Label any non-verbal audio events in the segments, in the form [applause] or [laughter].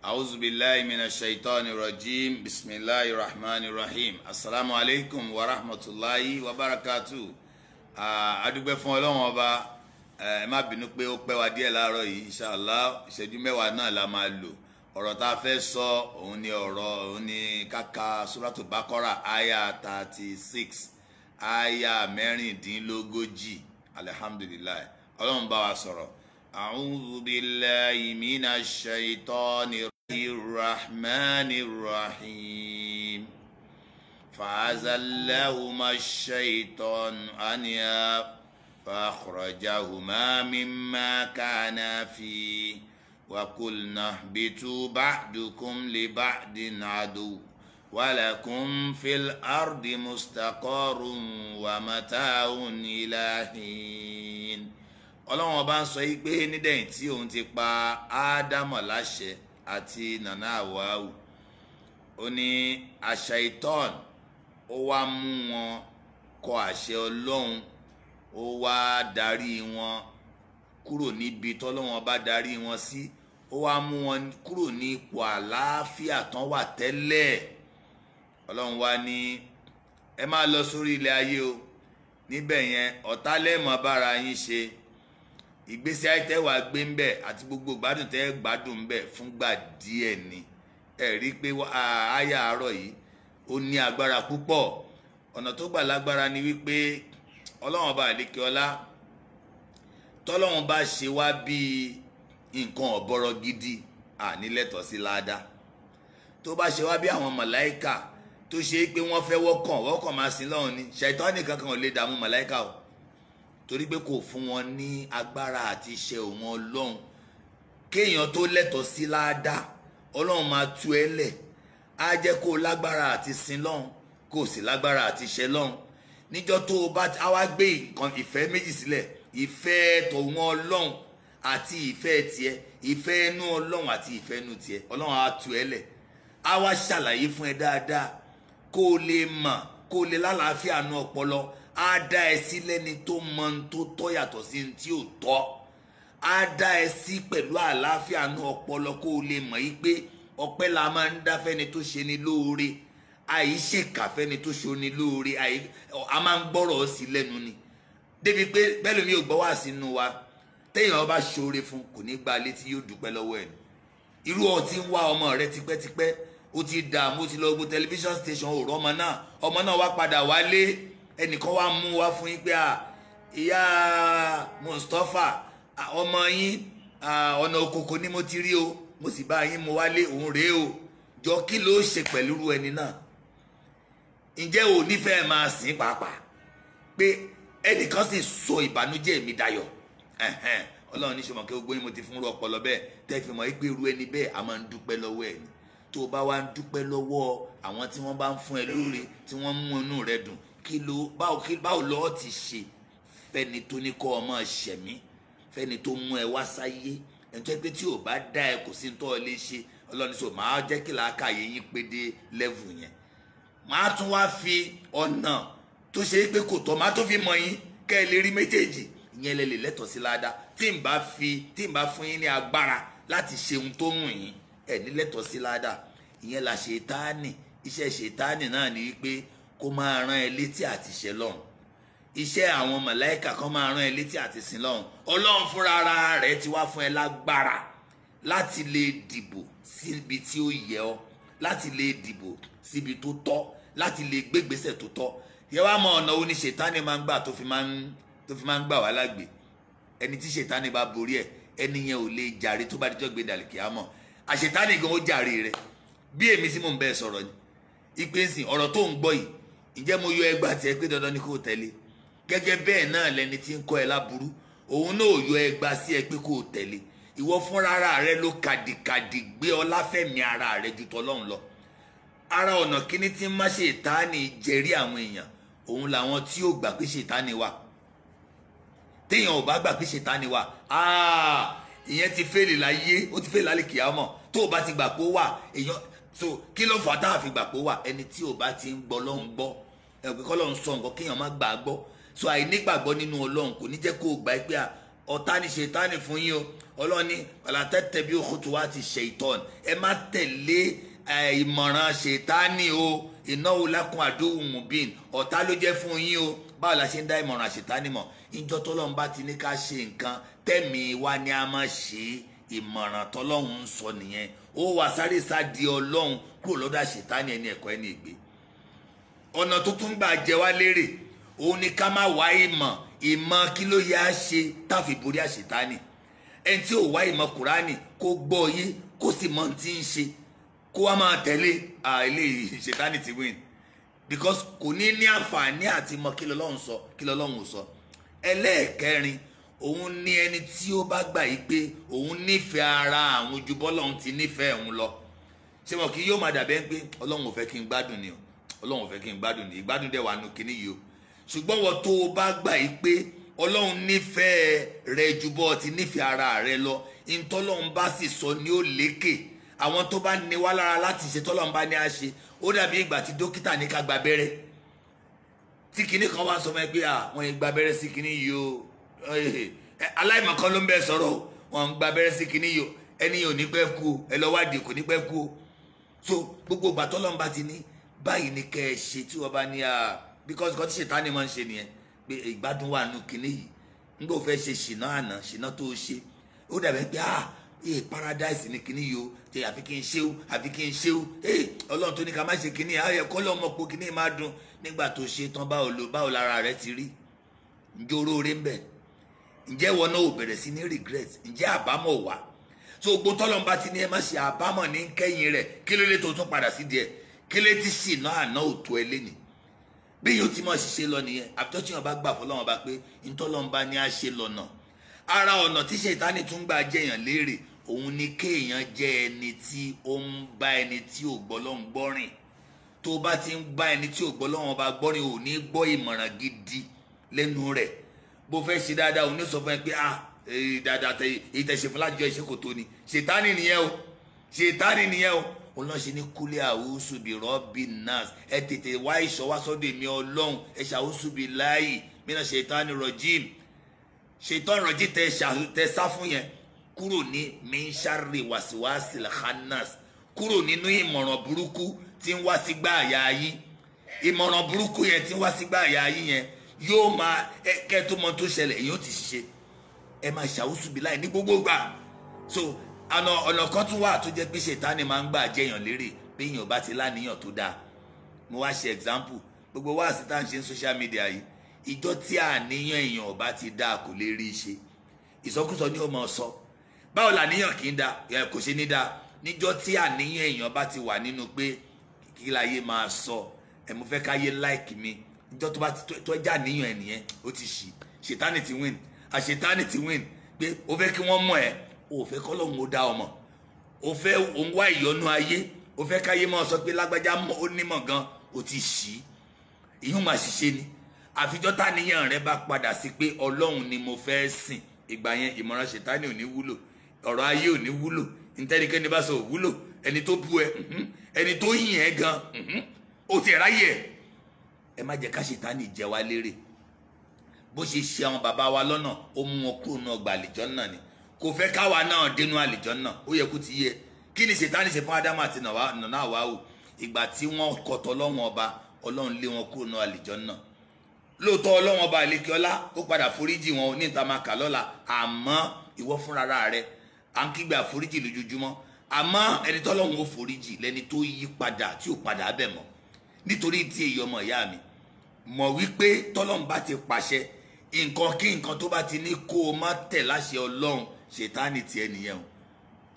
أعوذ بالله من الشيطان الرجيم بسم الله الرحمن الرحيم السلام عليكم ورحمة الله وبركاته adúgbẹ́ fún ọlọ́run ọba ẹ má bínú pé ó pẹ́ wá díẹ̀ láàárọ̀ yìí inṣàlá ìṣẹ́jú mẹ́wàá náà la máa lò ọ̀rọ̀ tá a fẹ́ sọ òun ni ọ̀rọ̀ òun ni kàkà suratu bakora aya thirty six aya mẹ́rìndínlógójì alihamdulilayi ọlọ́run bá wa sọ̀rọ̀ أعوذ بالله من الشيطان الرحمن الرحيم فعزلهما الشيطان أن فأخرجهما مما كانا فيه وقلنا اهبطوا بعدكم لبعد عدو ولكم في الأرض مستقر ومتاع إلى حين ọlọ́run ọba ń sọ yí pé nídẹ̀yìn tí òun ti pa ádámọ̀ láṣẹ àti nana àwáwù ó ní àṣà ìtọ́n ó wá mú wọn kọ àṣẹ ọlọ́run ó wá darí wọn kúrò níbi tọ́lọ́run ọba darí wọn sí ó wá mú wọn kúrò ní ipò àlàáfíà tán wà tẹ́lẹ̀ ọlọ́run wá ní ẹ máa lọ sórí ilẹ̀ ayé o níbẹ̀ yẹn ọ̀tá lẹ́ẹ̀mọ́ bára yín ṣe ìgbésí ayé tẹ́ wàá gbé ń bẹ̀ àti gbogbo gbádùn tẹ́ gbádùn ń bẹ̀ fúngbà díẹ̀ ni ẹ rí i pé àyà àárọ̀ yìí ó ní agbára púpọ̀ ọ̀nà tó gbà lágbára ni wípé ọlọ́run bá àlékè ọlá tọ́lọ́run bá ṣe wá bíi nǹkan ọ̀bọ̀rọ̀ gidi ànílẹ̀tọ̀ sí láàdá tó bá ṣe wá bí àwọn màláìkà tó ṣe é pé wọ́n fẹ́ wọ́kàn wọ́kàn máa sin lọ́run ni ṣàìtánì kankan ò lè dààmú màláìkà o torí pé kò fún wọn ní agbára àti iṣẹ́ òun ọlọ́run kéèyàn tó lẹ́tọ̀ọ́ sí ládàá ọlọ́run máa tú ẹ lẹ̀ á jẹ́ kó lágbára àti sin lọ́run kó sì lágbára àti ṣe lọ́run níjọ́ tó o bá a wá gbé nǹkan ìfẹ́ méjì sílẹ̀ ìfẹ́ tòun ọlọ́run àti ìfẹ́ tiẹ̀ ìfẹ́ inú ọlọ́run àti ìfẹ́ inú tiẹ̀ ọlọ́run á tú ẹ lẹ̀ á wá ṣàlàyé fún ẹ dáadáa kó o lè mà kó o lè lálàáfíà nu ọpọlọ á dá ẹ sí lẹ́ni tó mọ ohun tó tọ́ yàtọ̀ sí ohun tí ò tọ́ á dá ẹ sí pẹ̀lú àlàáfíà náà ọpọlọ kó o lè mọ̀ yí pé ọpẹ́ la máa ń dá fẹ́ni tó ṣe ni lóore àìṣèkà fẹ́ni tó ṣe ni lóore a máa ń gbọ́rọ̀ sí lẹ́nu ni débi pé bẹ́ẹ̀ mi ò gbọ́ wá sínú wa téèyàn bá ṣoore fún kò ní gba létí yóò dúpẹ́ lọ́wọ́ ẹ̀ irú ọtí ń wá ọmọ rẹ tipẹ́tipẹ́ ó ti dààmú ó ti lọ gbọ́ tẹlifíṣàn station òru ọmọ náà ọmọ náà wá padà wálé ẹnìkan wá mú wa fún yín pé ìyá Mustapha ọmọ yín ọ̀nà òkòkò ni mo ti rí o mo sì bá yín mo wálé òun rèé o jọ kí ló ṣe pẹ̀lú irú ẹni náà ǹjẹ́ o nífẹ̀ẹ́ máa sìn pàápàá pé ẹnìkan sì sọ ìbànújẹ́ mi dayọ̀ ọlọ́run ní sọmọ kí gbogbo yín mo ti fún rú ọpọlọ bẹ́ẹ̀ tẹ́ fi mọ̀ pé irú ẹni bẹ́ẹ̀ a máa ń dúpẹ́ lọ́wọ́ ẹ̀ ni tó o bá wá ń dúpẹ́ lọ́wọ́ àwọn tí wọ́n bá ń fún ẹ lóore tí wọ́n mú inú rẹ dùn kí ló báwo kí báwo lọ́ọ́ ti ṣe fẹ́ni tó ní kọ́ ọmọ ṣẹ̀mí fẹ́ni tó mú ẹ wá sáyé ẹni tó yẹ pé tí ò bá dá ẹ kò sí ní tọ́ ẹ lè ṣe ọlọ́ni sọ máa jẹ́ kí làákàyè yín pédé lẹ́vù yẹn máa tún wá fi ọ̀nà tó ṣe é pé kò tọ́ máa tó fi mọ yín kẹ́ ẹ lè rí méjèèjì ìyẹn lè lè lẹ́tọ̀ọ́ sí ládàá tí n bá fi tí n bá fún yín ní agbára láti ṣe ohun tó wù yín ẹ̀ ní lẹ́tọ̀ọ́ sí ládàá ìyẹn là ṣètáànì iṣẹ́ ṣètáànì náà ni wípé kó máa rán ẹ létí àti ṣe lọ́hùn iṣẹ́ àwọn màláíkà kan máa rán ẹ létí àti sin lọ́hùn ọlọ́run fúnra ara rẹ̀ ti wá fún ẹ lágbára láti lè dìbò síbi tí ó yẹ ọ láti lè dìbò síbi tó tọ́ láti lè gbégbèsè tó tọ́ yẹ wá mọ ọ̀nà wo ni ṣètánì máa ń gbà tó fi máa ń tó fi máa ń gbà wá lágbè ẹni tí ṣètánì bá borí ẹ ẹni yẹn ò lè jàre tó bá dijọ́ gbé dàlẹ́ kí mọ̀ àṣetánì gan ó jàre rẹ bí èmi sì mò ń bẹ́ẹ̀ sọ̀rọ̀ ni ìpè ń sìn ọ̀rọ̀ tó ń gbọ́ yìí ǹjẹ́ mo yọ ẹgbàá tiẹ̀ pé dandan ni kò tẹ̀lé gẹ́gẹ́ bẹ́ẹ̀ náà lẹni tí ń kọ́ ẹ láburú òun náà yọ ẹgbàá sí ẹ pé kò tẹ̀lé ìwọ fúnra rẹ ló kàdìkàdì gbé ọláfẹ̀mí ara rẹ ju tọlọ́run lọ ara ọ̀nà kíní tí ń má ṣètáàní jẹ̀rí àwọn èèyàn òun làwọn tí ò gbà pé ṣètáàní wà téèyàn ò bá gbà pé ṣètáàní wà ìyẹn ti fèlè láyé ó ti fèlè lálẹ́ kìámọ̀ tó o bá ti gbà pé ó wà èèyàn so kí ló fà á táwọn àfìgbà pé ó wà ẹni tí ò bá ti ń gbọ́ ló gbọ́ ẹ pé kọ́ sọ nǹkan kéèyàn má gbà á gbọ́ so àìnígbàgbọ́ nínú ọlọ́run kò ní jẹ́ kó o gbà pé à ọ̀tá ni ṣètánì fún yín o ọlọ́run ní pàlàtẹ́ tẹ̀bí òkútu wa ti ṣe ìtọ́n ẹ má tẹ̀lé ìmọ̀ràn ṣètánì o ìnáwó lákun àdóhùn mùbín ọ̀tá ló jẹ́ fún yín o báwo la ṣe ń dá ìmọ̀ràn ṣètánì mọ̀ ìjọ tọ́lọ́run bá ti ní ká ṣe nǹkan tẹ̀mí wa ni a máa ṣe ìmọ̀ràn tọ́lọ́run ń sọ nìyẹn ó wà sáré sá di ọlọ́run kúrò lọ́dọ̀ àṣetánì ẹni ẹ̀kọ́ ẹni ìgbé ọ̀nà tuntun gbà jẹ wá lérè òun ni ká má wá ìmọ̀ ìmọ̀ kí ló yẹ á ṣe táfi borí àṣetánì ẹni tí ò wá ìmọ̀ kùránì kó gbọ́ yé kó sì mọ̀ tí ń ṣe kó wá máa tẹ̀lé àìlè ìṣetánì ti win because kò ní ní àǹfààní àti mọ̀ kí lọ́lọ́run sọ kí lọ́lọ́run ò sọ ẹlẹ́ẹ̀kẹrin òun ní ẹni tí ó bá gbà yí pé òun nífẹ̀ẹ́ ara àwọn ju bọ́lọ́hún ti nífẹ̀ẹ́ òun lọ ṣé mo kì í yóò máa dàbẹ́ pé ọlọ́run ò fẹ́ kí n gbádùn ni o ọlọ́run ò fẹ́ kí n gbádùn ni ìgbádùn dẹ̀ wà nù kíní yìí o ṣùgbọ́n wọ́n tó o bá gbà yí pé ọlọ́run nífẹ̀ẹ́ rẹ ju bọ́ ọ ti nífẹ̀ẹ́ ara rẹ lọ ìtọ́lọ́run bá sì sọ ni ó lékè àwọn tó bá ní wá lára láti ṣe tọ́lọ́run bá ní á ṣe ó dàbí ìgbà tí dókítà ní ká gba tí kinní kan wá sọ fún ẹ pé à wọ́n yẹn gba sí kinní yìí o aláìmọ̀kan ló ń bẹ sọ̀rọ̀ o wọ́n ń gba abẹ́rẹ́ sí kinní yìí o ẹni yìí ò ní pẹ́ kú o ẹ lọ wádìí kò ní pẹ́ kú o so gbogbo ìgbà tọ́lọ́run ba ti ní báyìí ni kẹ́ ẹ ṣe tí wọ́n bá ní a because nǹkan tí ṣètánì máa ń ṣe nìyẹn pé ìgbádùn wà nù kinní yìí nígbà ò fẹ́ ṣe ṣìnà àná ṣìnà tó ṣe ó dàbẹ́ pé ah ee paradise ni kinní yìí o tẹ àfi kí n ṣe o àfi kí n ṣe o ee ọlọ́run tó ní ká má ṣe kinní yìí ayẹ kọ́lọ́ ọmọ po kinní yìí má dùn nígbà tó ṣe tán báwo lára rẹ ti rí njóró ń bẹ̀ ǹjẹ́ ìwọ náà ò bẹ̀rẹ̀ sí ní regret ǹjẹ́ àbámọ̀ wà so gbogbo tọ́lọ́mbà ti ní ẹ má ṣe àbámọ̀ ní kẹ́yìn rẹ̀ kí ló lè tó tún padà sí díẹ̀ kí lè ti sì náà àná òtó ẹ lẹ́nìí bí yóò ti mọ̀ ṣiṣẹ́ lọ nìyẹn àbítọ́sí wọn bá gbà fọlọ́wọn bá pé ntọ́lọ́mbà ni a ṣe lọ́nà ara ọ̀nà tí ṣètánì tún gbà jẹyàn léèrè òun ni kéèyàn jẹ́ ẹni tí ó ń bá ẹni tí ò gbọ́ lọ́hùn gbọ́rìn tó bá ti ń bá ẹni tí ò gbọ́ ọba gbọ́rìn ò gbọ́ ìmọ̀ràn gidi lẹ́nu rẹ̀ bó fẹ́ ṣe dáadáa òun ní sọ fún ẹ pé ah eh, dáadáa tẹ ìtẹ̀sẹ̀ fún lájọ ìṣe kò tó ni ṣètánì nìyẹn o ṣètánì nìyẹn o ọlọ́ṣẹ́ ní kúlẹ̀ àwùsùbí rọ́bì nas ẹ tètè wá ìṣọ́ wá sọ́dọ̀ èmi ọlọ́run ẹ ṣàwùsùbí láàyè mìíràn ṣètánì rọ̀jìm ṣètánì rọ̀jìm tẹ sá fún yẹn kúrò ní mínṣárì wàsíwàsí lhanas kúrò nínú ìmọ̀ràn burúkú tí ń wá sígbà àyà yín ìmọ̀ràn burúkú yẹn tí ń wá sígbà àyà yín yẹn yóò máa kẹ́ tó mọ tó ṣẹlẹ̀ yóò ti ṣiṣẹ́ ẹ máa ṣàwùsù bí láì ní gbogbo gbà so ọ̀nà ọ̀nà kan tún wà tó jẹ́ pé ṣètánì máa ń gbà jẹyàn lérè pé èèyàn bá ti láníyàn tó dáa mo wá ṣe example gbogbo wá sí tá à ń ṣe ní social media yìí ìjọ tí àníyàn èèyàn ò bá ti dáa kò lè rí i ṣe ìsọkúsọ ni ó máa sọ báwo làníyàn kì í da kò ṣe ní da níjọ tí àníyàn èèyàn bá ti wà nínú pé kí máa sọ ẹ mo fẹ́ káyé like mi ìjọ tó bá tó já níyàn ẹ nìyẹn ó ti ṣì ṣètánì ti win àṣetánì ti win pé ó fẹ́ kí wọ́n mọ̀ ẹ́ ó fẹ́ kọ́lọ́hún ó dá ọmọ ó fẹ́ òun wá ìyọnu ayé ó fẹ́ káyé máa sọ pé lágbájá ó nímọ̀ gan ó ti ṣì ìyún máa ṣiṣẹ́ ni àfijọ́ táníyàn rẹ bá padà sí pé ọlọ́run ni mo fẹ́ sìn ìgbà yẹn ìmọ̀ràn ṣètánì ò ní wúlò ọ̀rọ̀ ayé ò ní wúlò ntẹ́nikẹ́ni bá sọ òwúlò ẹni tó bu ẹ mhm. ẹni tó yìn ẹ gan ó mhm. ti ẹ̀ ráyè ẹ̀ ẹ má jẹ́ ká ṣètánì jẹ wá lérè bó ṣe ṣe àwọn bàbá wa lọ́nà ó mú wọn kúrò náà gba àlìjọ́nà ni kò fẹ́ káwa náà dénú àlìjọ́nà ó yẹ kó ti yẹ kí ni ṣètánì ṣe fún ádámù àti nàná àwáwò ìgbà tí wọ́n kọ̀tọ̀ lọ́wọ́n ọba ọlọ́run lé wọn kúrò náà àlìjọ́nà lóòótọ́ ọlọ́wọ́n ọba àlekíọ́lá ó padà foríjì wọn ní ìta máa kà lọ́la àmọ́ ìwọ fúnra rẹ à ń kígbe àforíjì lójoojúmọ́ àmọ́ ẹni tọ́lọ́run ó foríjì lẹ́ni tó yí padà tí ò padà bẹ̀ mọ́ nítorí tí èyí ọmọ ìyá mi mọ̀ wípé tọ́lọ́run bá ti pàṣẹ nǹkan kí nǹkan tó bá ti ní kó o má tẹ̀ láṣẹ ọlọ́run ṣètánì tiẹ̀ nìyẹn o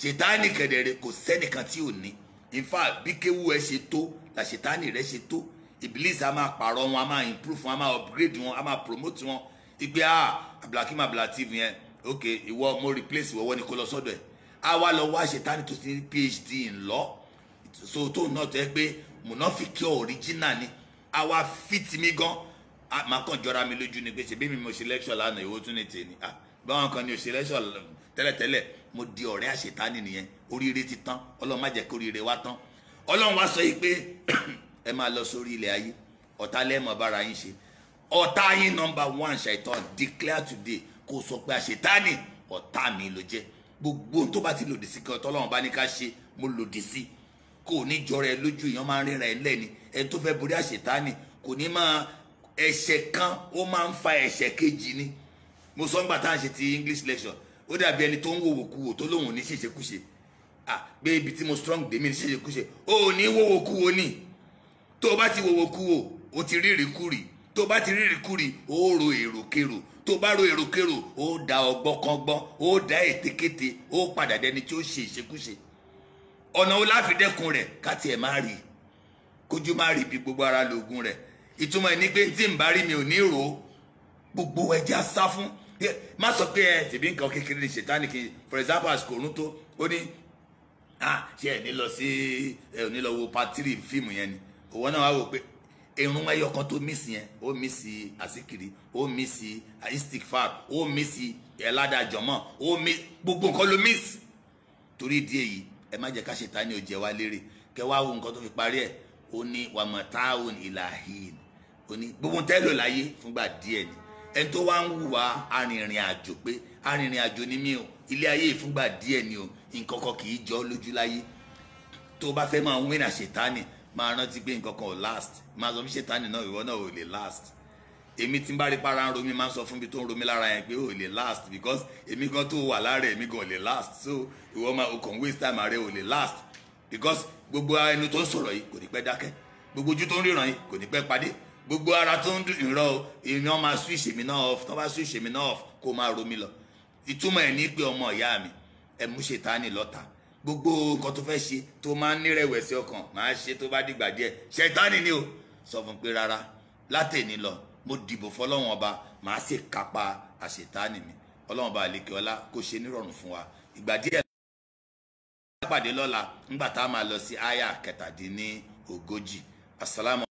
ṣètánì kẹ̀dẹ̀rẹ̀ kò sẹ́nìkan tí ò ní in fact bí kéwú ẹ ṣe tó la ṣètánì rẹ ṣe tó ìbílíìsì a máa pààrọ̀ wọn a máa improve wọn a máa upgrade wọn a máa promote wọn ìgbé a ah, abdulhakeem abdulhateef yẹn ok ìwọ mo replace ìwọ ni kó lọ sọ́dọ̀ ẹ̀ a wá lọ wá ṣètánì tó ti ní phd in law so tó náà tó yẹ pé munafiki original ni àwa fit mi gan màá kàn jọra mi lójú ni pé ṣe bí mi mo ṣe lánàá ìwọ tún ní tèmi ah báwọn kan ni òṣèré lecture tẹ́lẹ̀tẹ́lẹ̀ mo di ọ̀rẹ́ àṣetánì nìyẹn oríire ti tán ọlọ́run má jẹ́ kó oríire wá tán ọlọ́run wá sọ yìí pé [clears throat] ẹ máa lọ sórí ilẹ̀ ayé ọ̀tá lẹ́mọ̀ bára yín ṣe ọ̀tá yín nọmba one ṣàìtàn declare today kó sọ pé àṣetánì ọ̀tá mi ló jẹ́ gbogbo tó bá ti lòdì sí kan tọ́lọ́run bá ní ká ṣe mo lòdì sí i kò ní jọra ẹ lójú èèyàn máa ń ríra ẹ lẹ́ni ẹ tó fẹ́ borí àṣetánì kò ní máa ẹ̀ṣẹ̀ kan ó máa ń fa ẹ̀ṣẹ̀ kejì ni mo sọ nígbà tá à ń ṣe ti English lecture ó dàbí ẹni tó ń wòwò kúwò tó lóun ní ṣèṣekúṣe ah gbé ibi tí mo strong dèmí ní ṣèṣekúṣe ó ní wòwò kúwò ni tó o bá ti wòwò kúwò o ti rí ìrìkúrì tó bá ti rírì kúrì ó ro èròkérò tó bá ro èròkérò ó da ọgbọ́n kan gbọ́n ó da ètekéte ó padà dẹni tí ó ṣe ìṣekúṣe ọ̀nà wo la fi dẹ́kun rẹ̀ ká tiẹ̀ má rí kójú má rí bí gbogbo ara lóògùn rẹ̀ ìtumọ̀ ẹ̀ ní pé tí n bá rí mi ò ní rò gbogbo ẹja sá fún má sọ pé ẹ tìbí nǹkan kékeré ní ṣètánì kì for example àsìkò òórùn tó ó ní ṣé ẹ ní lọ sí ẹ ò ní lọ wo patiri fíìmù yẹn ni òwò náà wá wò pé irun ẹyọ kan tó mísì yẹn ó mísì àsìkiri ó mísì istikfar ó mísì ẹládàjọmọ ó mí gbogbo nǹkan ló mísì torí ìdí èyí ẹ má jẹ́ ká Ṣẹ̀tánì ó jẹ wá lérè kẹ wá wo nǹkan tó fi parí ẹ̀ ó ní wàmọ̀táhùn ìlàhìn ó ní gbogbo tẹ́ lò láyé fúngbà díẹ̀ ni ẹni tó wá ń hùwà arìnrìn àjò pé arìnrìn àjò ni mí o ilé ayé fúngbà díẹ̀ ni o nǹkan kan kì í jọ lójú láyé tó bá fẹ́ máa wínà Ṣẹ̀tánì máa rántí pé nǹkan kan ò last máa sọ fún Ṣẹ̀tánì náà ìwọ náà ò lè last èmi tí n bá rí para ń ro mi máa ń sọ fún mi tó ń ro mi lára yẹn pé ò lè last because èmi gan tó wà lára èmi gan lè last so ìwọ máa o kàn waste time ààrẹ ò lè last because gbogbo ẹnu tó ń sọ̀rọ̀ yìí kò ní pẹ́ dákẹ́ gbogbo ojú tó ń ríran yìí kò ní pẹ́ padé gbogbo ara tó ń ìran o ìran máa switch èmi náà off tó bá switch èmi náà off kó máa ro mi lọ ìtumọ̀ ẹ̀ ní pé ọmọ ìyá mi ẹ̀ mú ṣe ta ni lọ́ta gbogbo nǹkan tó fẹ́ ṣe tó máa ń nírẹ̀wẹ̀sì ọkàn máa ṣe tó bá dìgbà díẹ̀ ṣẹ̀tánì ni o sọ fún pé rárá látẹ̀ni lọ mo dìbò fọlọ́wọ́n ọba màá sì kápá àṣetánì mi ọlọ́wọ́n ọba àlekè ọlá kó ṣe nírọ̀rùn fún wa ìgbà díẹ̀ lọ́la ńgbà tá a máa lọ sí àyà kẹtàdínní ogójì asalaamu.